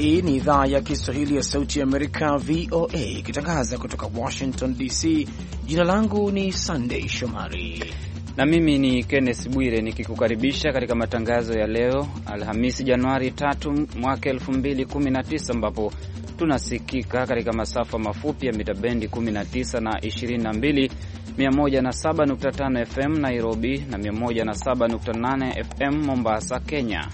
Hii ni idhaa ya Kiswahili ya Sauti ya Amerika, VOA, ikitangaza kutoka Washington DC. Jina langu ni Sandei Shomari na mimi ni Kenneth Bwire nikikukaribisha katika matangazo ya leo Alhamisi, Januari 3 mwaka 2019 ambapo tunasikika katika masafa mafupi ya mita bendi 19 na 22, 107.5 FM Nairobi na 107.8 FM Mombasa, Kenya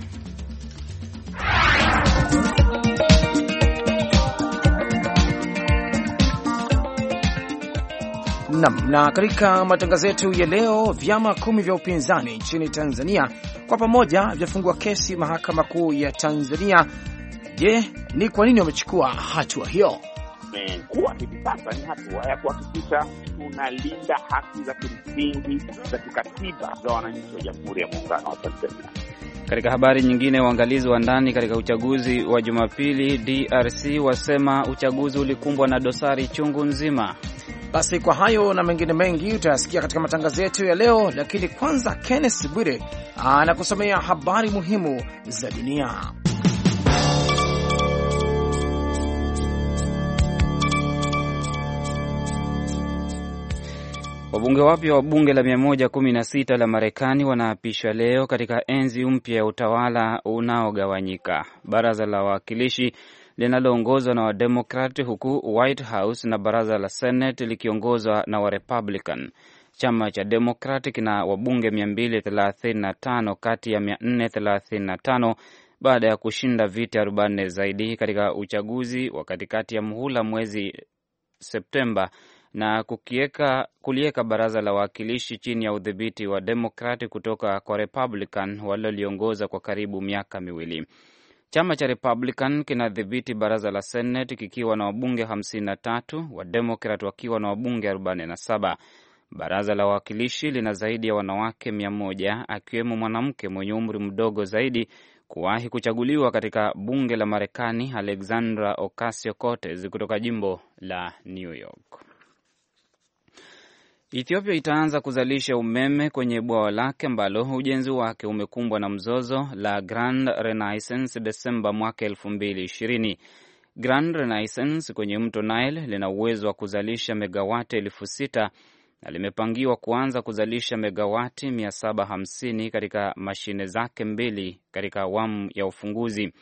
Nam. Na katika matangazo yetu ya leo, vyama kumi vya upinzani nchini Tanzania kwa pamoja vyafungua kesi mahakama kuu ya Tanzania. Je, ni kwa nini wamechukua hatua hiyo? Kuwa hivi sasa ni hatua ya kuhakikisha tunalinda haki za kimsingi za kikatiba za wananchi wa Jamhuri ya Muungano wa Tanzania. Katika habari nyingine, waangalizi wa ndani katika uchaguzi wa Jumapili DRC wasema uchaguzi ulikumbwa na dosari chungu nzima. Basi kwa hayo na mengine mengi utayasikia katika matangazo yetu ya leo, lakini kwanza, kennes Bwire anakusomea habari muhimu za dunia. Wabunge wapya wa bunge la 116 la Marekani wanaapishwa leo katika enzi mpya ya utawala unaogawanyika. Baraza la wawakilishi linaloongozwa na Wademokrat, huku White House na baraza la Senate likiongozwa na Warepublican. Chama cha Demokrati kina wabunge 235 kati ya 435 baada ya kushinda viti 40 zaidi katika uchaguzi wa katikati ya muhula mwezi Septemba na kukieka, kulieka baraza la wawakilishi chini ya udhibiti wa Demokrati kutoka kwa Republican waliloliongoza kwa karibu miaka miwili. Chama cha Republican kinadhibiti baraza la Senate kikiwa na wabunge 53, Wademokrat wakiwa na wabunge 47. Baraza la Wawakilishi lina zaidi ya wanawake 100, akiwemo mwanamke mwenye umri mdogo zaidi kuwahi kuchaguliwa katika bunge la Marekani, Alexandra Ocasio Cortez kutoka jimbo la New York. Ethiopia itaanza kuzalisha umeme kwenye bwawa lake ambalo ujenzi wake umekumbwa na mzozo la Grand Renaissance Desemba mwaka elfu mbili ishirini. Grand Renaissance kwenye mto Nile lina uwezo wa kuzalisha megawati elfu sita na limepangiwa kuanza kuzalisha megawati 750 katika mashine zake mbili katika awamu ya ufunguzi.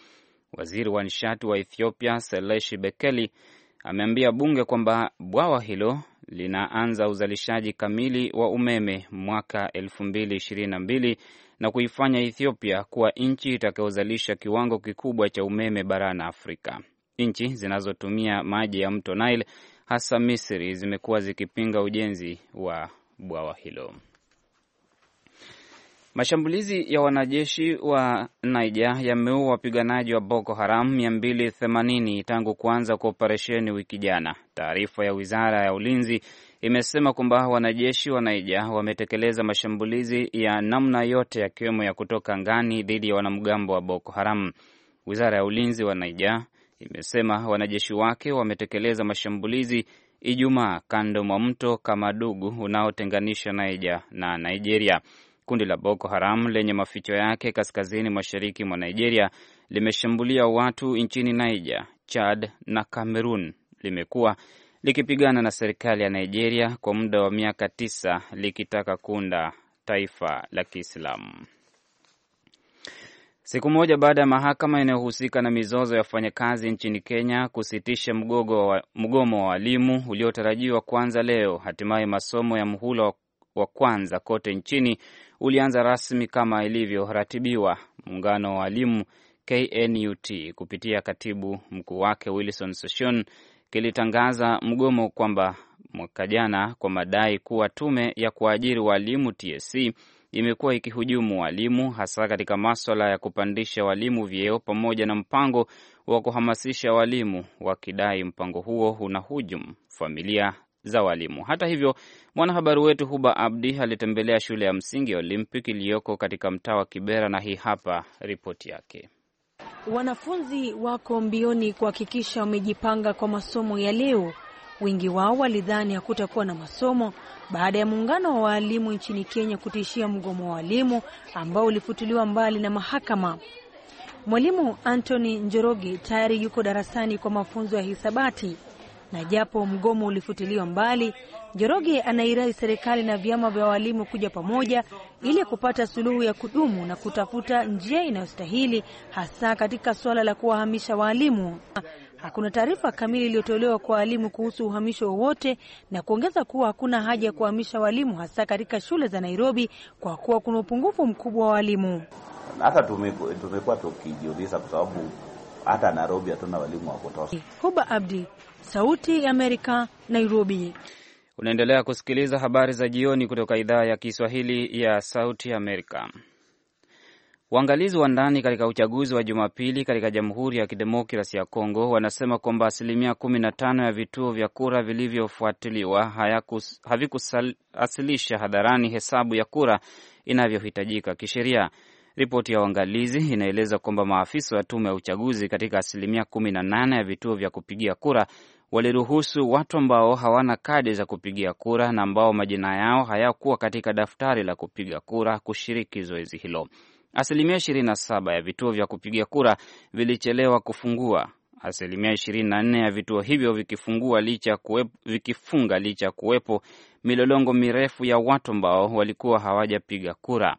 Waziri wa nishati wa Ethiopia Seleshi Bekeli ameambia bunge kwamba bwawa hilo linaanza uzalishaji kamili wa umeme mwaka 2022 na kuifanya Ethiopia kuwa nchi itakayozalisha kiwango kikubwa cha umeme barani Afrika. Nchi zinazotumia maji ya mto Nile hasa Misri zimekuwa zikipinga ujenzi wa bwawa hilo. Mashambulizi ya wanajeshi wa Niger yameua wapiganaji wa Boko Haram 280 tangu kuanza kwa operesheni wiki jana. Taarifa ya wizara ya ulinzi imesema kwamba wanajeshi wa Niger wametekeleza mashambulizi ya namna yote, yakiwemo ya kutoka ngani dhidi ya wanamgambo wa Boko Haram. Wizara ya ulinzi wa Niger imesema wanajeshi wake wametekeleza mashambulizi Ijumaa kando mwa mto Kamadugu unaotenganisha Niger na Nigeria. Kundi la Boko Haram lenye maficho yake kaskazini mashariki mwa Nigeria limeshambulia watu nchini Niger, Chad na Cameroon. Limekuwa likipigana na serikali ya Nigeria kwa muda wa miaka tisa likitaka kunda taifa la Kiislamu. Siku moja baada ya mahakama inayohusika na mizozo ya wafanyakazi nchini Kenya kusitisha mgogo wa, mgomo wa walimu uliotarajiwa kuanza leo, hatimaye masomo ya mhula wa kwanza kote nchini ulianza rasmi kama ilivyoratibiwa. Muungano wa walimu KNUT kupitia katibu mkuu wake Wilson Soshon kilitangaza mgomo kwamba mwaka jana kwa madai kuwa tume ya kuajiri walimu TSC imekuwa ikihujumu walimu hasa katika maswala ya kupandisha walimu vyeo pamoja na mpango wa kuhamasisha walimu, wakidai mpango huo unahujumu familia za walimu. Hata hivyo, mwanahabari wetu Huba Abdi alitembelea shule ya msingi ya Olympic iliyoko katika mtaa wa Kibera na hii hapa ripoti yake. Wanafunzi wako mbioni kuhakikisha wamejipanga kwa masomo ya leo. Wengi wao walidhani hakutakuwa na masomo baada ya muungano wa waalimu nchini Kenya kutishia mgomo wa walimu ambao ulifutuliwa mbali na mahakama. Mwalimu Anthony Njoroge tayari yuko darasani kwa mafunzo ya hisabati na japo mgomo ulifutiliwa mbali, Njoroge anairai serikali na vyama vya walimu kuja pamoja ili kupata suluhu ya kudumu na kutafuta njia inayostahili hasa katika suala la kuwahamisha walimu. Hakuna taarifa kamili iliyotolewa kwa walimu kuhusu uhamisho wowote, na kuongeza kuwa hakuna haja ya kuwahamisha walimu hasa katika shule za Nairobi kwa kuwa kuna upungufu mkubwa wa walimu. Hata tumekuwa tukijiuliza kwa sababu hata Nairobi hatuna walimu wa kutosha. Huba Abdi, Sauti ya Amerika, Nairobi. Unaendelea kusikiliza habari za jioni kutoka idhaa ya Kiswahili ya Sauti ya Amerika. Waangalizi wa ndani katika uchaguzi wa Jumapili katika Jamhuri ya Kidemokrasi ya Kongo wanasema kwamba asilimia 15 ya vituo vya kura vilivyofuatiliwa havikuwasilisha hadharani hesabu ya kura inavyohitajika kisheria. Ripoti ya uangalizi inaeleza kwamba maafisa wa tume ya uchaguzi katika asilimia kumi na nane ya vituo vya kupigia kura waliruhusu watu ambao hawana kadi za kupigia kura na ambao majina yao hayakuwa katika daftari la kupiga kura kushiriki zoezi hilo. Asilimia 27 ya vituo vya kupigia kura vilichelewa kufungua, asilimia 24 ya vituo hivyo vikifungua licha kuwepo, vikifunga licha ya kuwepo milolongo mirefu ya watu ambao walikuwa hawajapiga kura.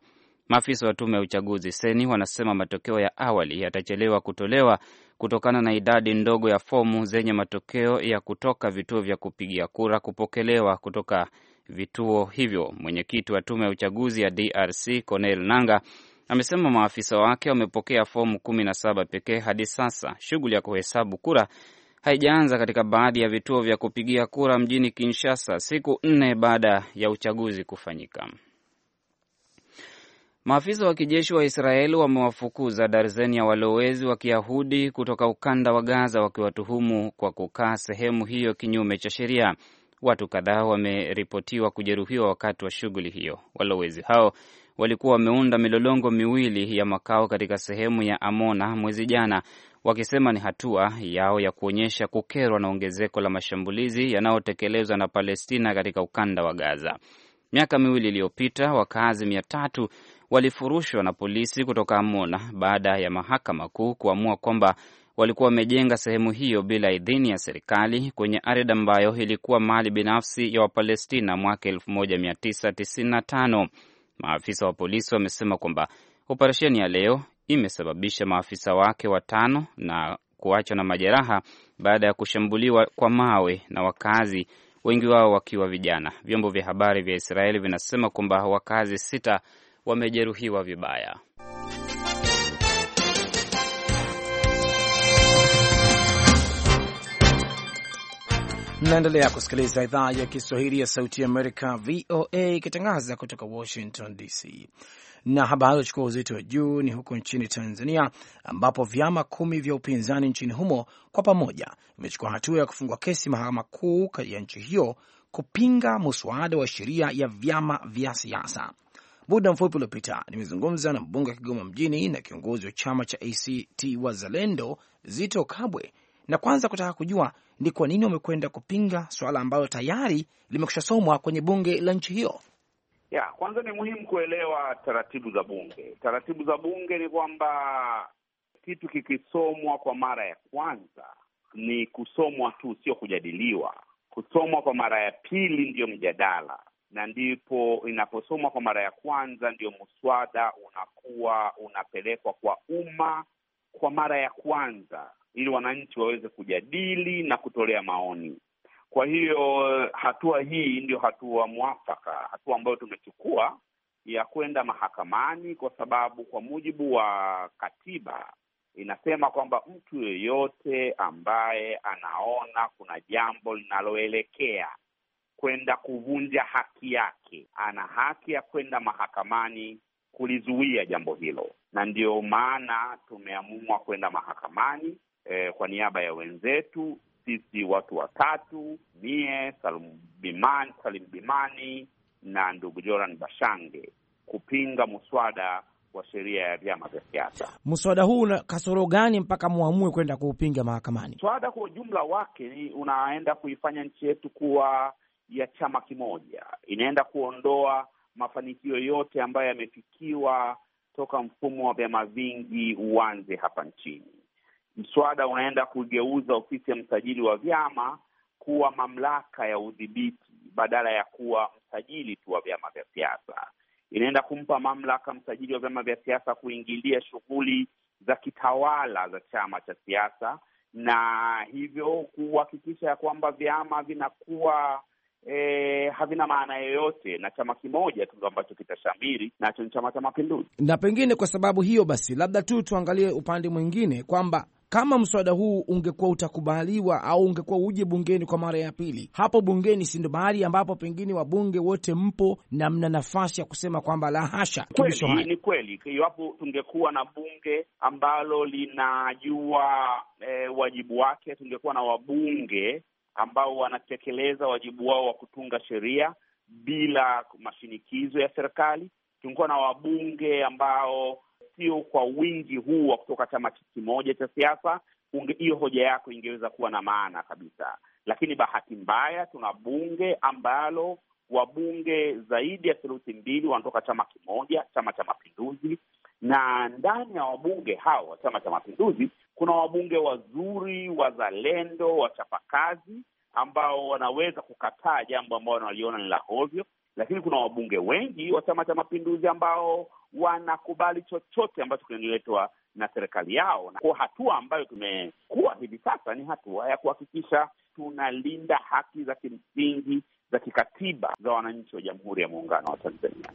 Maafisa wa tume ya uchaguzi seni wanasema matokeo ya awali yatachelewa kutolewa kutokana na idadi ndogo ya fomu zenye matokeo ya kutoka vituo vya kupigia kura kupokelewa kutoka vituo hivyo. Mwenyekiti wa tume ya uchaguzi ya DRC Cornel Nanga amesema maafisa wake wamepokea fomu kumi na saba pekee hadi sasa. Shughuli ya kuhesabu kura haijaanza katika baadhi ya vituo vya kupigia kura mjini Kinshasa siku nne baada ya uchaguzi kufanyika. Maafisa wa kijeshi wa Israeli wamewafukuza darzeni ya walowezi wa Kiyahudi kutoka ukanda wa Gaza wakiwatuhumu kwa kukaa sehemu hiyo kinyume cha sheria. Watu kadhaa wameripotiwa kujeruhiwa wakati wa shughuli hiyo. Walowezi hao walikuwa wameunda milolongo miwili ya makao katika sehemu ya Amona mwezi jana, wakisema ni hatua yao ya kuonyesha kukerwa na ongezeko la mashambulizi yanayotekelezwa na Palestina katika ukanda wa Gaza. Miaka miwili iliyopita wakazi mia tatu walifurushwa na polisi kutoka Amona baada ya mahakama kuu kuamua kwamba walikuwa wamejenga sehemu hiyo bila idhini ya serikali kwenye ardhi ambayo ilikuwa mali binafsi ya Wapalestina mwaka 1995. Maafisa wa polisi wamesema kwamba operesheni ya leo imesababisha maafisa wake watano na kuachwa na majeraha baada ya kushambuliwa kwa mawe na wakazi wengi wao wakiwa vijana. Vyombo vya habari vya Israeli vinasema kwamba wakazi sita wamejeruhiwa vibaya. Mnaendelea kusikiliza idhaa ya Kiswahili ya Sauti ya Amerika, VOA, ikitangaza kutoka Washington DC. Na habari iliyochukua uzito wa juu ni huko nchini Tanzania, ambapo vyama kumi vya upinzani nchini humo kwa pamoja vimechukua hatua ya kufungua kesi mahakama kuu ya nchi hiyo kupinga muswada wa sheria ya vyama vya siasa. Muda mfupi uliopita nimezungumza na mbunge wa Kigoma mjini na kiongozi wa chama cha ACT Wazalendo Zito Kabwe, na kwanza kutaka kujua ni kwa nini wamekwenda kupinga swala ambalo tayari limekushasomwa kwenye bunge la nchi hiyo. Ya, kwanza ni muhimu kuelewa taratibu za bunge. Taratibu za bunge ni kwamba kitu kikisomwa kwa mara ya kwanza ni kusomwa tu, sio kujadiliwa. Kusomwa kwa mara ya pili ndiyo mjadala, na ndipo inaposomwa kwa mara ya kwanza ndiyo muswada unakuwa unapelekwa kwa umma kwa mara ya kwanza, ili wananchi waweze kujadili na kutolea maoni. Kwa hiyo eh, hatua hii ndio hatua mwafaka, hatua ambayo tumechukua ya kwenda mahakamani, kwa sababu kwa mujibu wa katiba inasema kwamba mtu yeyote ambaye anaona kuna jambo linaloelekea kwenda kuvunja haki yake, ana haki ya kwenda mahakamani kulizuia jambo hilo, na ndiyo maana tumeamua kwenda mahakamani eh, kwa niaba ya wenzetu sisi watu watatu, mie Salim Bimani, Salim Bimani na ndugu Joran Bashange kupinga muswada wa sheria ya vyama vya siasa. Mswada huu una kasoro gani mpaka muamue kwenda kuupinga mahakamani? Mswada kwa ujumla wake unaenda kuifanya nchi yetu kuwa ya chama kimoja, inaenda kuondoa mafanikio yote ambayo yamefikiwa toka mfumo wa vyama vingi uanze hapa nchini mswada unaenda kugeuza ofisi ya msajili wa vyama kuwa mamlaka ya udhibiti badala ya kuwa msajili tu wa vyama vya siasa. Inaenda kumpa mamlaka msajili wa vyama vya siasa kuingilia shughuli za kitawala za chama cha siasa, na hivyo kuhakikisha ya kwamba vyama vinakuwa E, havina maana yoyote na chama kimoja tu ambacho kitashamiri nacho ni Chama cha Mapinduzi. Na pengine kwa sababu hiyo basi, labda tu tuangalie upande mwingine kwamba kama mswada huu ungekuwa utakubaliwa au ungekuwa uje bungeni kwa mara ya pili, hapo bungeni si ndo mahali ambapo pengine wabunge wote mpo na mna nafasi ya kusema kwamba la hasha. Kweli, ni kweli, iwapo tungekuwa na bunge ambalo linajua e, wajibu wake, tungekuwa na wabunge ambao wanatekeleza wajibu wao wa kutunga sheria bila mashinikizo ya serikali, tungekuwa na wabunge ambao sio kwa wingi huu wa kutoka chama kimoja cha siasa, hiyo hoja yako ingeweza kuwa na maana kabisa. Lakini bahati mbaya, tuna bunge ambalo wabunge zaidi ya theluthi mbili wanatoka chama kimoja, Chama cha Mapinduzi, na ndani ya wabunge hawa wa Chama cha Mapinduzi kuna wabunge wazuri, wazalendo, wachapakazi ambao wanaweza kukataa jambo ambao wanaliona ni la hovyo lakini kuna wabunge wengi wa Chama cha Mapinduzi ambao wanakubali chochote ambacho kinaletwa na serikali yao. Kwa hatua ambayo tumekuwa hivi sasa ni hatua ya kuhakikisha tunalinda haki za kimsingi za kikatiba za wananchi wa Jamhuri ya Muungano wa Tanzania.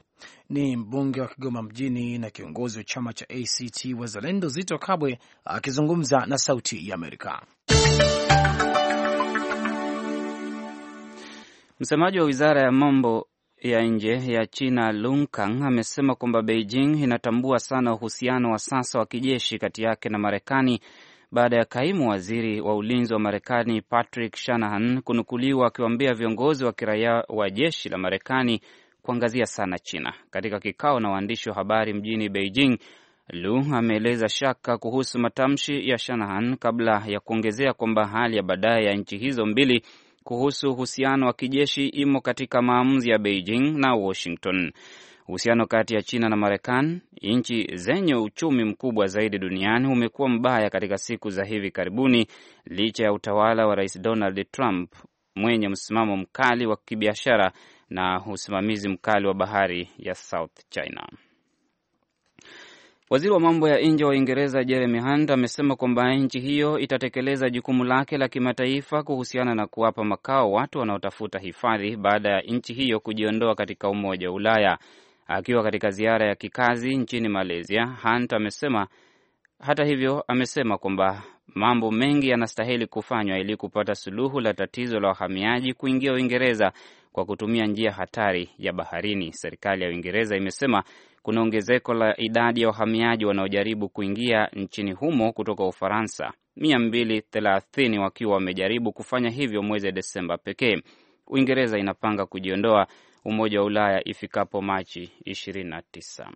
Ni mbunge wa Kigoma Mjini na kiongozi wa chama cha ACT Wazalendo Zito Kabwe akizungumza na Sauti ya Amerika. Msemaji wa wizara ya mambo ya nje ya China Lung Kang amesema kwamba Beijing inatambua sana uhusiano wa sasa wa kijeshi kati yake na Marekani baada ya kaimu waziri wa ulinzi wa Marekani Patrick Shanahan kunukuliwa akiwaambia viongozi wa kiraia wa jeshi la Marekani kuangazia sana China. Katika kikao na waandishi wa habari mjini Beijing, Lu ameeleza shaka kuhusu matamshi ya Shanahan kabla ya kuongezea kwamba hali ya baadaye ya nchi hizo mbili kuhusu uhusiano wa kijeshi imo katika maamuzi ya Beijing na Washington. Uhusiano kati ya China na Marekani, nchi zenye uchumi mkubwa zaidi duniani, umekuwa mbaya katika siku za hivi karibuni, licha ya utawala wa Rais Donald Trump mwenye msimamo mkali wa kibiashara na usimamizi mkali wa bahari ya South China. Waziri wa mambo ya nje wa Uingereza Jeremy Hunt amesema kwamba nchi hiyo itatekeleza jukumu lake la kimataifa kuhusiana na kuwapa makao watu wanaotafuta hifadhi baada ya nchi hiyo kujiondoa katika Umoja wa Ulaya. Akiwa katika ziara ya kikazi nchini Malaysia, Hunt amesema hata hivyo, amesema kwamba mambo mengi yanastahili kufanywa ili kupata suluhu la tatizo la wahamiaji kuingia Uingereza kwa kutumia njia hatari ya baharini. Serikali ya Uingereza imesema kuna ongezeko la idadi ya wahamiaji wanaojaribu kuingia nchini humo kutoka Ufaransa, 230 wakiwa wamejaribu kufanya hivyo mwezi Desemba pekee. Uingereza inapanga kujiondoa Umoja wa Ulaya ifikapo Machi 29.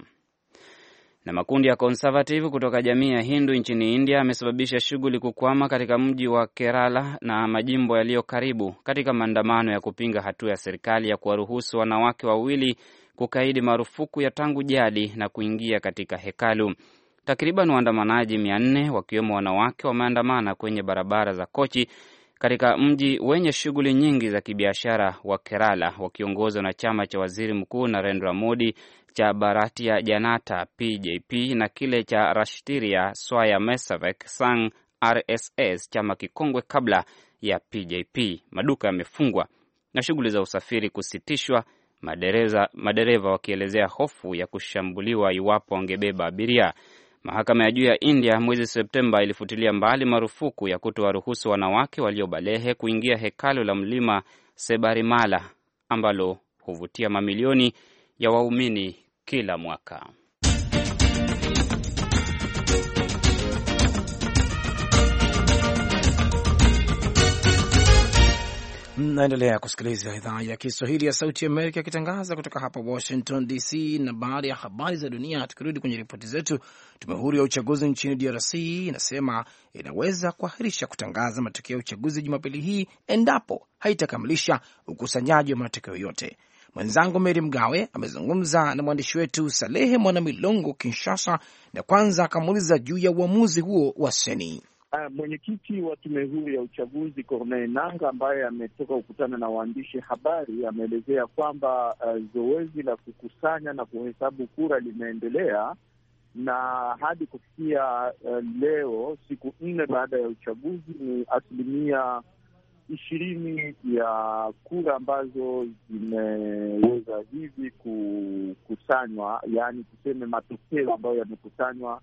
Na makundi ya Conservative kutoka jamii ya Hindu nchini India amesababisha shughuli kukwama katika mji wa Kerala na majimbo yaliyo karibu katika maandamano ya kupinga hatua ya serikali ya kuwaruhusu wanawake wawili kukaidi marufuku ya tangu jadi na kuingia katika hekalu. Takriban waandamanaji mia nne wakiwemo wanawake wameandamana kwenye barabara za Kochi katika mji wenye shughuli nyingi za kibiashara wa Kerala wakiongozwa na chama cha waziri mkuu Narendra Modi cha Bharatiya Janata BJP na kile cha Rashtriya Swayamsevak Sangh RSS, chama kikongwe kabla ya BJP. Maduka yamefungwa na shughuli za usafiri kusitishwa madereza, madereva wakielezea hofu ya kushambuliwa iwapo wangebeba abiria. Mahakama ya juu ya India mwezi Septemba ilifutilia mbali marufuku ya kutowaruhusu wanawake waliobalehe kuingia hekalu la mlima Sebarimala ambalo huvutia mamilioni ya waumini kila mwaka. Mnaendelea kusikiliza idhaa ya Kiswahili ya Sauti Amerika ikitangaza kutoka hapa Washington DC. Na baada ya habari za dunia, tukirudi kwenye ripoti zetu, tume huru ya uchaguzi nchini DRC inasema inaweza kuahirisha kutangaza matokeo ya uchaguzi Jumapili hii endapo haitakamilisha ukusanyaji wa matokeo yote. Mwenzangu Meri Mgawe amezungumza na mwandishi wetu Salehe Mwanamilongo Kinshasa, na kwanza akamuuliza juu ya uamuzi huo wa seni. Uh, mwenyekiti wa tume huru ya uchaguzi Corneille Nanga ambaye ametoka kukutana na waandishi habari ameelezea kwamba uh, zoezi la kukusanya na kuhesabu kura limeendelea na hadi kufikia uh, leo siku nne baada ya uchaguzi ni asilimia ishirini ya kura ambazo zimeweza hivi kukusanywa, yaani tuseme matokeo ambayo yamekusanywa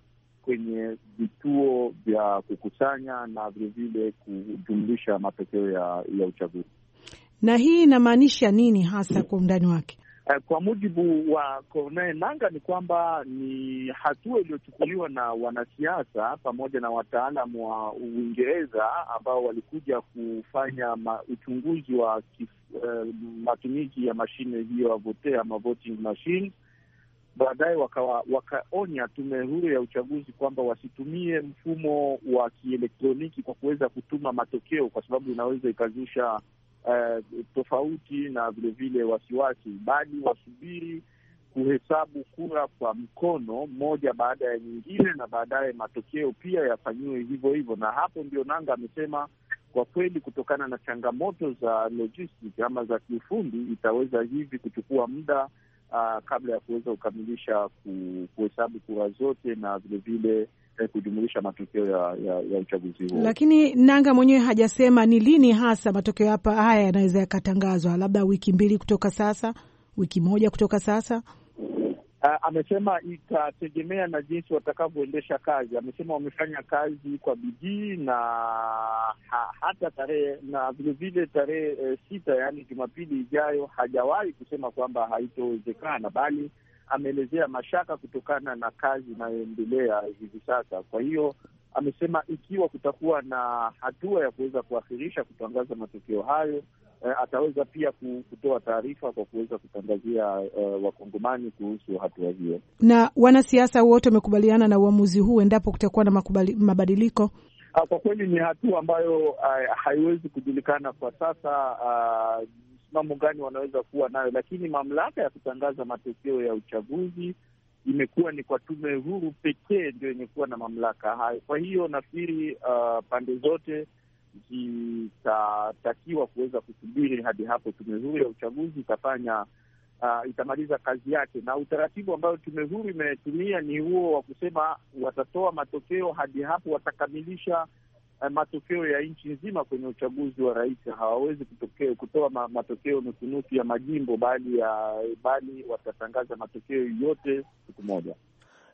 kwenye vituo vya kukusanya na vilevile kujumlisha matokeo ya, ya uchaguzi. Na hii inamaanisha nini hasa kwa undani wake? Eh, kwa mujibu wa Corneille Nanga ni kwamba ni hatua iliyochukuliwa na wanasiasa pamoja na wataalamu wa Uingereza ambao walikuja kufanya ma, uchunguzi wa kif, uh, matumizi ya mashine hiyo ya vote ama voting machine baadaye wakaonya wakaonya tume huru ya uchaguzi kwamba wasitumie mfumo wa kielektroniki kwa kuweza kutuma matokeo kwa sababu inaweza ikazusha uh, tofauti na vilevile wasiwasi, bali wasubiri kuhesabu kura kwa mkono moja baada ya nyingine, na baadaye matokeo pia yafanyiwe hivyo hivyo. Na hapo ndio Nanga amesema kwa kweli, kutokana na changamoto za logistics ama za kiufundi, itaweza hivi kuchukua muda uh, kabla ya kuweza kukamilisha kuhesabu kura zote na vilevile eh, kujumulisha matokeo ya, ya, ya uchaguzi huo. Lakini Nanga mwenyewe hajasema ni lini hasa matokeo hapa haya yanaweza yakatangazwa, labda wiki mbili kutoka sasa, wiki moja kutoka sasa. Uh, amesema itategemea na jinsi watakavyoendesha kazi. Amesema wamefanya kazi kwa bidii na ha, hata tarehe na vilevile tarehe e, sita, yaani Jumapili ijayo, hajawahi kusema kwamba haitowezekana, bali ameelezea mashaka kutokana na kazi inayoendelea hivi sasa. Kwa hiyo amesema ikiwa kutakuwa na hatua ya kuweza kuahirisha kutangaza matokeo hayo eh, ataweza pia kutoa taarifa kwa kuweza kutangazia eh, wakongomani kuhusu hatua hiyo. Na wanasiasa wote wamekubaliana na uamuzi huu endapo kutakuwa na makubali, mabadiliko ah, kwa kweli ni hatua ambayo ah, haiwezi kujulikana kwa sasa ah, msimamo gani wanaweza kuwa nayo, lakini mamlaka ya kutangaza matokeo ya uchaguzi imekuwa ni kwa tume huru pekee ndio yenye kuwa na mamlaka hayo. Kwa hiyo nafikiri uh, pande zote zitatakiwa kuweza kusubiri hadi hapo tume huru ya uchaguzi itafanya uh, itamaliza kazi yake, na utaratibu ambayo tume huru imetumia ni huo wa kusema watatoa matokeo hadi hapo watakamilisha uh, matokeo ya nchi nzima kwenye uchaguzi wa rais. Hawawezi kutoa ma, matokeo nusunusu ya majimbo, bali ya bali watatangaza matokeo yote siku moja.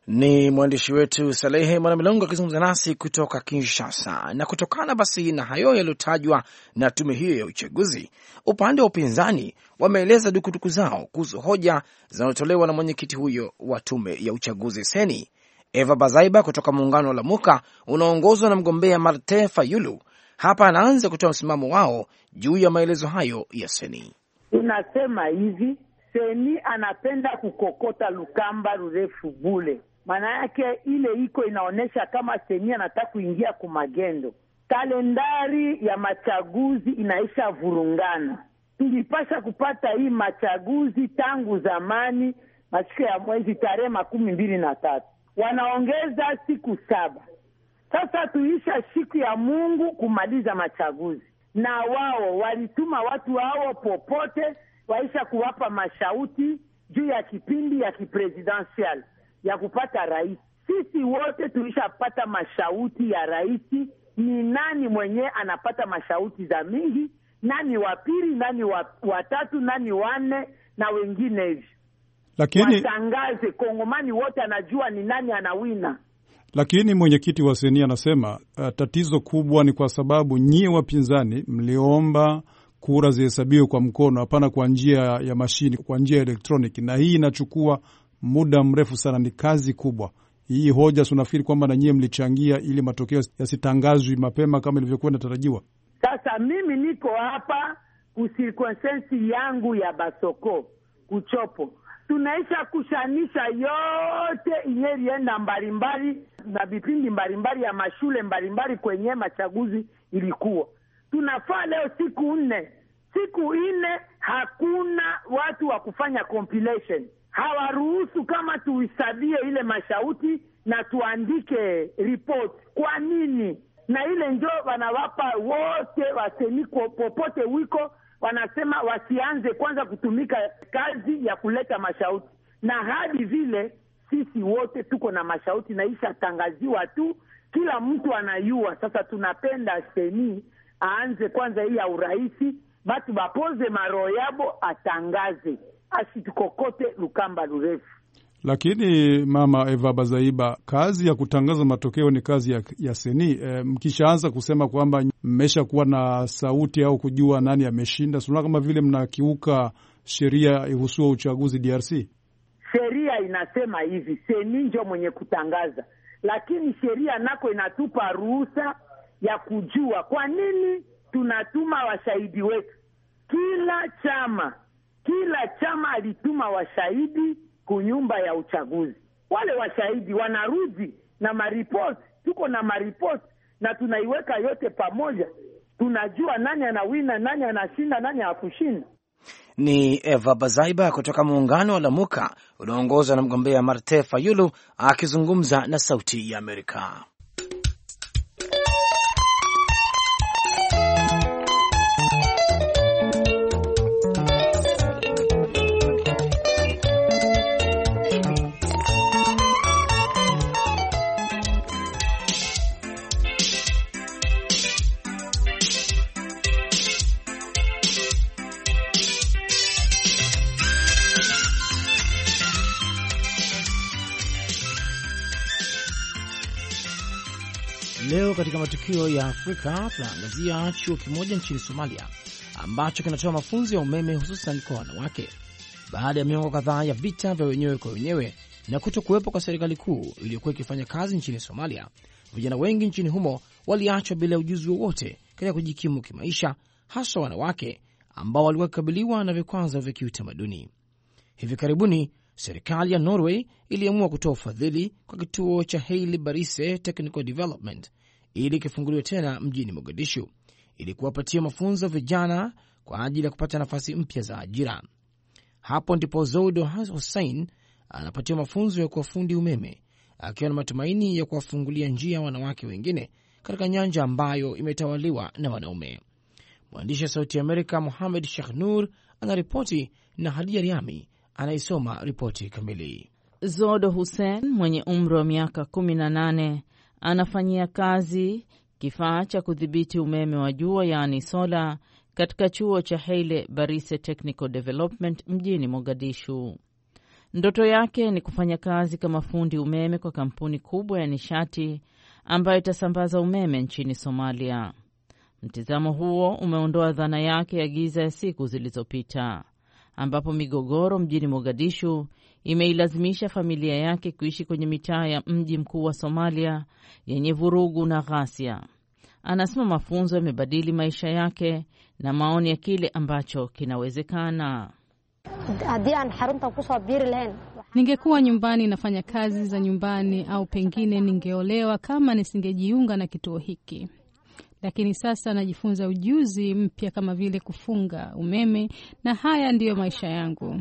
Ni mwandishi wetu Salehe Mwanamilongo akizungumza nasi kutoka Kinshasa. Na kutokana basi na hayo yaliyotajwa na tume hiyo ya uchaguzi, upande wa upinzani wameeleza dukuduku zao kuhusu hoja zinazotolewa na mwenyekiti huyo wa tume ya uchaguzi seni Eva Bazaiba kutoka muungano wa Lamuka unaoongozwa na mgombea marte Fayulu. Hapa anaanza kutoa msimamo wao juu ya maelezo hayo ya seni. Tunasema hivi, seni anapenda kukokota lukamba rurefu bule maana yake ile iko inaonyesha kama semi anataka kuingia kumagendo. Kalendari ya machaguzi inaisha vurungana. Tulipasha kupata hii machaguzi tangu zamani, masiku ya mwezi tarehe makumi mbili na tatu wanaongeza siku saba. Sasa tuisha siku ya Mungu kumaliza machaguzi, na wao walituma watu wao popote, waisha kuwapa mashauti juu ya kipindi ya kipresidensiali ya kupata rais. Sisi wote tulishapata mashauti ya rais. Ni nani mwenyewe anapata mashauti za mingi, nani wa pili, nani watatu, nani wanne na wengine hivi, lakini watangaze kongomani wote anajua ni nani anawina. Lakini mwenyekiti wa seni anasema uh, tatizo kubwa ni kwa sababu nyie wapinzani mliomba kura zihesabiwe kwa mkono, hapana kwa njia ya mashini, kwa njia ya elektroniki, na hii inachukua muda mrefu sana, ni kazi kubwa hii. Hoja sunafikiri kwamba na nyie mlichangia ili matokeo yasitangazwi mapema kama ilivyokuwa inatarajiwa? Sasa mimi niko hapa kusirkonsensi yangu ya Basoko Kuchopo, tunaisha kushanisha yote inyerienda mbalimbali na vipindi mbalimbali ya mashule mbalimbali kwenye machaguzi ilikuwa tunafaa leo siku nne siku nne, hakuna watu wa kufanya compilation hawaruhusu kama tuhisabie ile mashauti na tuandike ripoti. Kwa nini? Na ile njo wanawapa wote waseniko popote wiko, wanasema wasianze kwanza kutumika kazi ya kuleta mashauti, na hadi vile sisi wote tuko na mashauti na ishatangaziwa tu, kila mtu anayua. Sasa tunapenda seni aanze kwanza hii ya urahisi, batu bapoze maroho yabo atangaze asitukokote lukamba lurefu. Lakini mama Eva Bazaiba, kazi ya kutangaza matokeo ni kazi ya, ya seni e, mkishaanza kusema kwamba mmeshakuwa na sauti au kujua nani ameshinda, sinaona kama vile mnakiuka sheria ihusua uchaguzi DRC. Sheria inasema hivi, seni njo mwenye kutangaza, lakini sheria nako inatupa ruhusa ya kujua. Kwa nini tunatuma washahidi wetu? Kila chama kila chama alituma washahidi kunyumba ya uchaguzi. Wale washahidi wanarudi na maripoti, tuko na maripoti na tunaiweka yote pamoja, tunajua nani anawina, nani anashinda, nani hakushinda. Ni Eva Bazaiba kutoka muungano wa Lamuka unaoongozwa na mgombea Marte Fayulu akizungumza na Sauti ya Amerika. Leo katika matukio ya Afrika tunaangazia chuo kimoja nchini Somalia ambacho kinatoa mafunzo ya umeme hususan kwa wanawake baada ya miongo kadhaa ya vita vya wenyewe kwa wenyewe na kuto kuwepo kwa serikali kuu iliyokuwa ikifanya kazi nchini Somalia. Vijana wengi nchini humo waliachwa bila ujuzi wowote katika kujikimu kimaisha, haswa wanawake ambao walikuwa kukabiliwa na vikwazo vya kiutamaduni. Hivi karibuni serikali ya Norway iliamua kutoa ufadhili kwa kituo cha Haile Barise Technical Development ili kifunguliwe tena mjini Mogadishu ili kuwapatia mafunzo vijana kwa ajili ya kupata nafasi mpya za ajira. Hapo ndipo Zoudo Hussein anapatia mafunzo ya kuwa fundi umeme, akiwa na matumaini ya kuwafungulia njia wanawake wengine katika nyanja ambayo imetawaliwa na wanaume. Mwandishi wa Sauti ya Amerika Muhamed Shahnur anaripoti na Hadija Riami anaisoma ripoti kamili. Zodo Hussein mwenye umri wa miaka 18 anafanyia kazi kifaa cha kudhibiti umeme wa jua yaani sola katika chuo cha Haile Barise Technical Development mjini Mogadishu. Ndoto yake ni kufanya kazi kama fundi umeme kwa kampuni kubwa ya nishati ambayo itasambaza umeme nchini Somalia. Mtizamo huo umeondoa dhana yake ya giza ya siku zilizopita ambapo migogoro mjini Mogadishu imeilazimisha familia yake kuishi kwenye mitaa ya mji mkuu wa Somalia yenye vurugu na ghasia. Anasema mafunzo yamebadili maisha yake na maoni ya kile ambacho kinawezekana. Ningekuwa nyumbani nafanya kazi za nyumbani, au pengine ningeolewa kama nisingejiunga na kituo hiki, lakini sasa najifunza ujuzi mpya kama vile kufunga umeme, na haya ndiyo maisha yangu.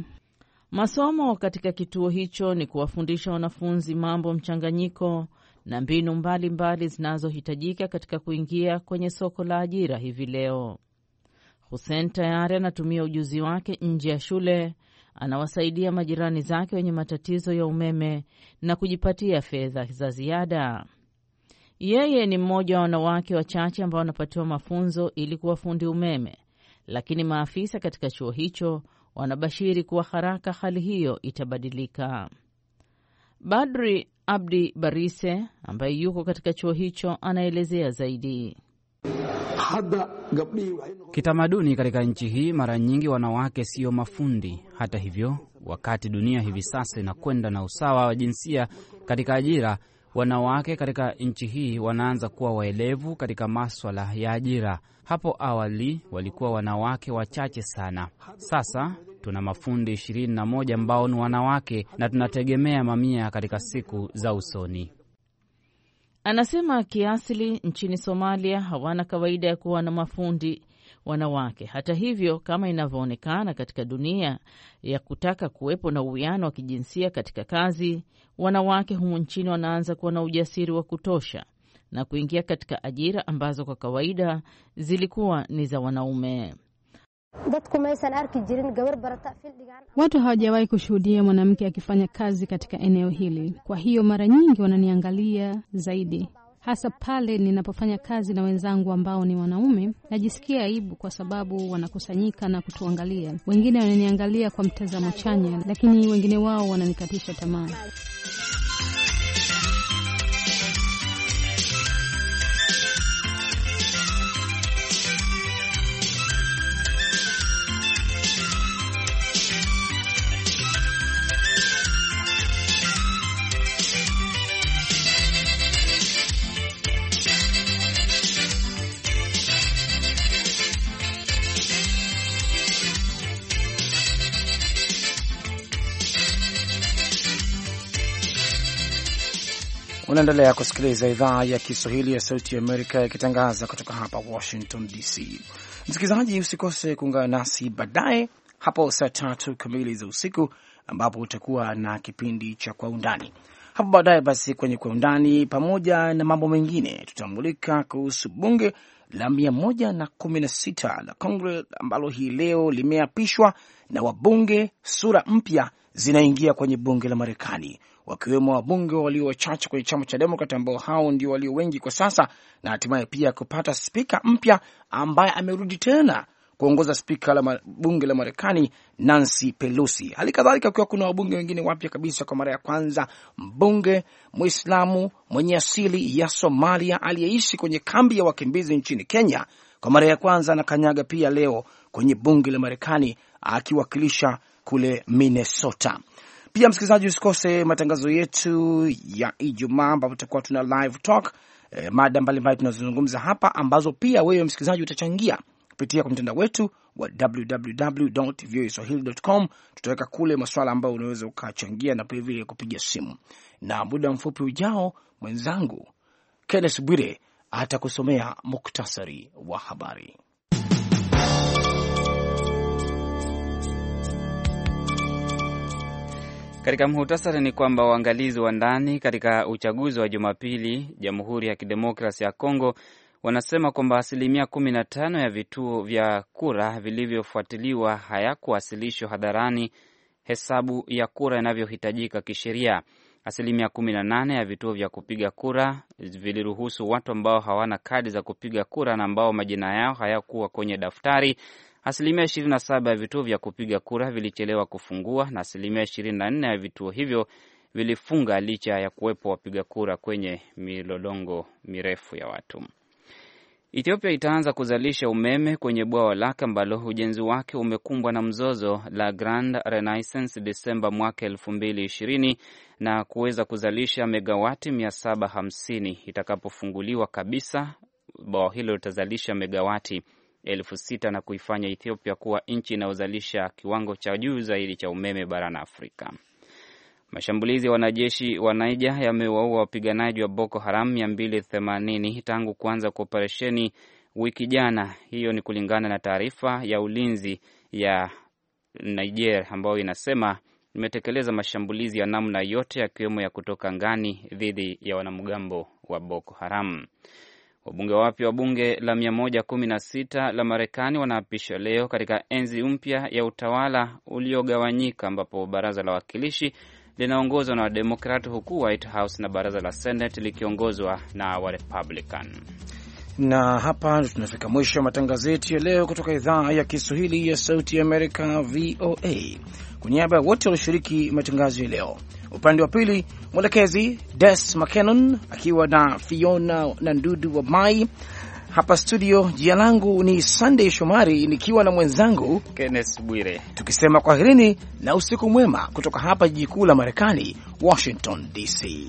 Masomo katika kituo hicho ni kuwafundisha wanafunzi mambo mchanganyiko na mbinu mbalimbali zinazohitajika katika kuingia kwenye soko la ajira hivi leo. Hussein tayari anatumia ujuzi wake nje ya shule, anawasaidia majirani zake wenye matatizo ya umeme na kujipatia fedha za ziada. Yeye ni mmoja wa wanawake wachache ambao wanapatiwa mafunzo ili kuwa fundi umeme, lakini maafisa katika chuo hicho wanabashiri kuwa haraka hali hiyo itabadilika. Badri Abdi Barise ambaye yuko katika chuo hicho anaelezea zaidi. Kitamaduni katika nchi hii, mara nyingi wanawake sio mafundi. Hata hivyo, wakati dunia hivi sasa inakwenda na usawa wa jinsia katika ajira, wanawake katika nchi hii wanaanza kuwa waelevu katika maswala ya ajira. Hapo awali walikuwa wanawake wachache sana. Sasa tuna mafundi 21 ambao ni wanawake na tunategemea mamia katika siku za usoni. Anasema kiasili nchini Somalia hawana kawaida ya kuwa na mafundi wanawake. Hata hivyo, kama inavyoonekana katika dunia ya kutaka kuwepo na uwiano wa kijinsia katika kazi, wanawake humu nchini wanaanza kuwa na ujasiri wa kutosha na kuingia katika ajira ambazo kwa kawaida zilikuwa ni za wanaume. Watu hawajawahi kushuhudia mwanamke akifanya kazi katika eneo hili, kwa hiyo mara nyingi wananiangalia zaidi hasa pale ninapofanya kazi na wenzangu ambao ni wanaume. Najisikia aibu kwa sababu wanakusanyika na kutuangalia. Wengine wananiangalia kwa mtazamo chanya, lakini wengine wao wananikatisha tamaa. Unaendelea kusikiliza idhaa ya Kiswahili ya Sauti ya Amerika ikitangaza kutoka hapa Washington DC. Msikilizaji, usikose kuungana nasi baadaye hapo saa tatu kamili za usiku, ambapo utakuwa na kipindi cha Kwa Undani hapo baadaye. Basi kwenye Kwa Undani, pamoja na mambo mengine, tutamulika kuhusu bunge la mia moja na kumi na sita la Kongre ambalo hii leo limeapishwa na wabunge, sura mpya zinaingia kwenye bunge la Marekani wakiwemo wabunge walio wachache kwenye chama cha Demokrat ambao hao ndio walio wengi kwa sasa, na hatimaye pia kupata spika mpya ambaye amerudi tena kuongoza spika la bunge la Marekani Nancy Pelosi. Hali kadhalika ukiwa kuna wabunge wengine wapya kabisa kwa mara ya kwanza, mbunge Mwislamu mwenye asili ya Somalia aliyeishi kwenye kambi ya wakimbizi nchini Kenya, kwa mara ya kwanza anakanyaga pia leo kwenye bunge la Marekani akiwakilisha kule Minnesota. Pia msikilizaji, usikose matangazo yetu ya Ijumaa ambapo tutakuwa tuna live talk e, mada mbalimbali tunazozungumza hapa ambazo pia wewe msikilizaji utachangia kupitia kwa mtandao wetu wa www.voaswahili.com. Tutaweka kule masuala ambayo unaweza ukachangia na vilevile kupiga simu, na muda mfupi ujao mwenzangu Kenneth Bwire atakusomea muktasari wa habari. Katika mhutasari ni kwamba waangalizi wa ndani katika uchaguzi wa Jumapili, Jamhuri ya Kidemokrasi ya Kongo wanasema kwamba asilimia 15 ya vituo vya kura vilivyofuatiliwa hayakuwasilishwa hadharani hesabu ya kura inavyohitajika kisheria. Asilimia 18 ya vituo vya kupiga kura viliruhusu watu ambao hawana kadi za kupiga kura na ambao majina yao hayakuwa kwenye daftari Asilimia 27 ya vituo vya kupiga kura vilichelewa kufungua na asilimia 24 ya vituo hivyo vilifunga licha ya kuwepo wapiga kura kwenye milolongo mirefu ya watu. Ethiopia itaanza kuzalisha umeme kwenye bwawa lake ambalo ujenzi wake umekumbwa na mzozo la Grand Renaissance Desemba mwaka elfu mbili ishirini na kuweza kuzalisha megawati mia saba hamsini. Itakapofunguliwa kabisa, bwawa hilo litazalisha megawati elfu sita na kuifanya Ethiopia kuwa nchi inayozalisha kiwango cha juu zaidi cha umeme barani Afrika. Mashambulizi ya wanajeshi wa Naija yamewaua wapiganaji wa Boko Haram 280 tangu kuanza kwa operesheni wiki jana. Hiyo ni kulingana na taarifa ya ulinzi ya Niger ambayo inasema imetekeleza mashambulizi ya namna yote yakiwemo ya kutoka ngani dhidi ya wanamgambo wa Boko Haram. Wabunge wapya wa bunge la 116 la Marekani wanaapishwa leo katika enzi mpya ya utawala uliogawanyika ambapo baraza la wawakilishi linaongozwa na Wademokrat huku White House na baraza la Senate likiongozwa na Warepublican. Na hapa tunafika mwisho wa matangazo yetu ya leo kutoka idhaa ya Kiswahili ya Sauti ya Amerika, VOA kwa niaba ya wote walioshiriki matangazo ya leo. Upande wa pili mwelekezi Des McCanon akiwa na Fiona na Ndudu wa Mai hapa studio. Jina langu ni Sunday Shomari nikiwa na mwenzangu Kenneth Bwire, tukisema kwaherini na usiku mwema kutoka hapa jiji kuu la Marekani, Washington DC.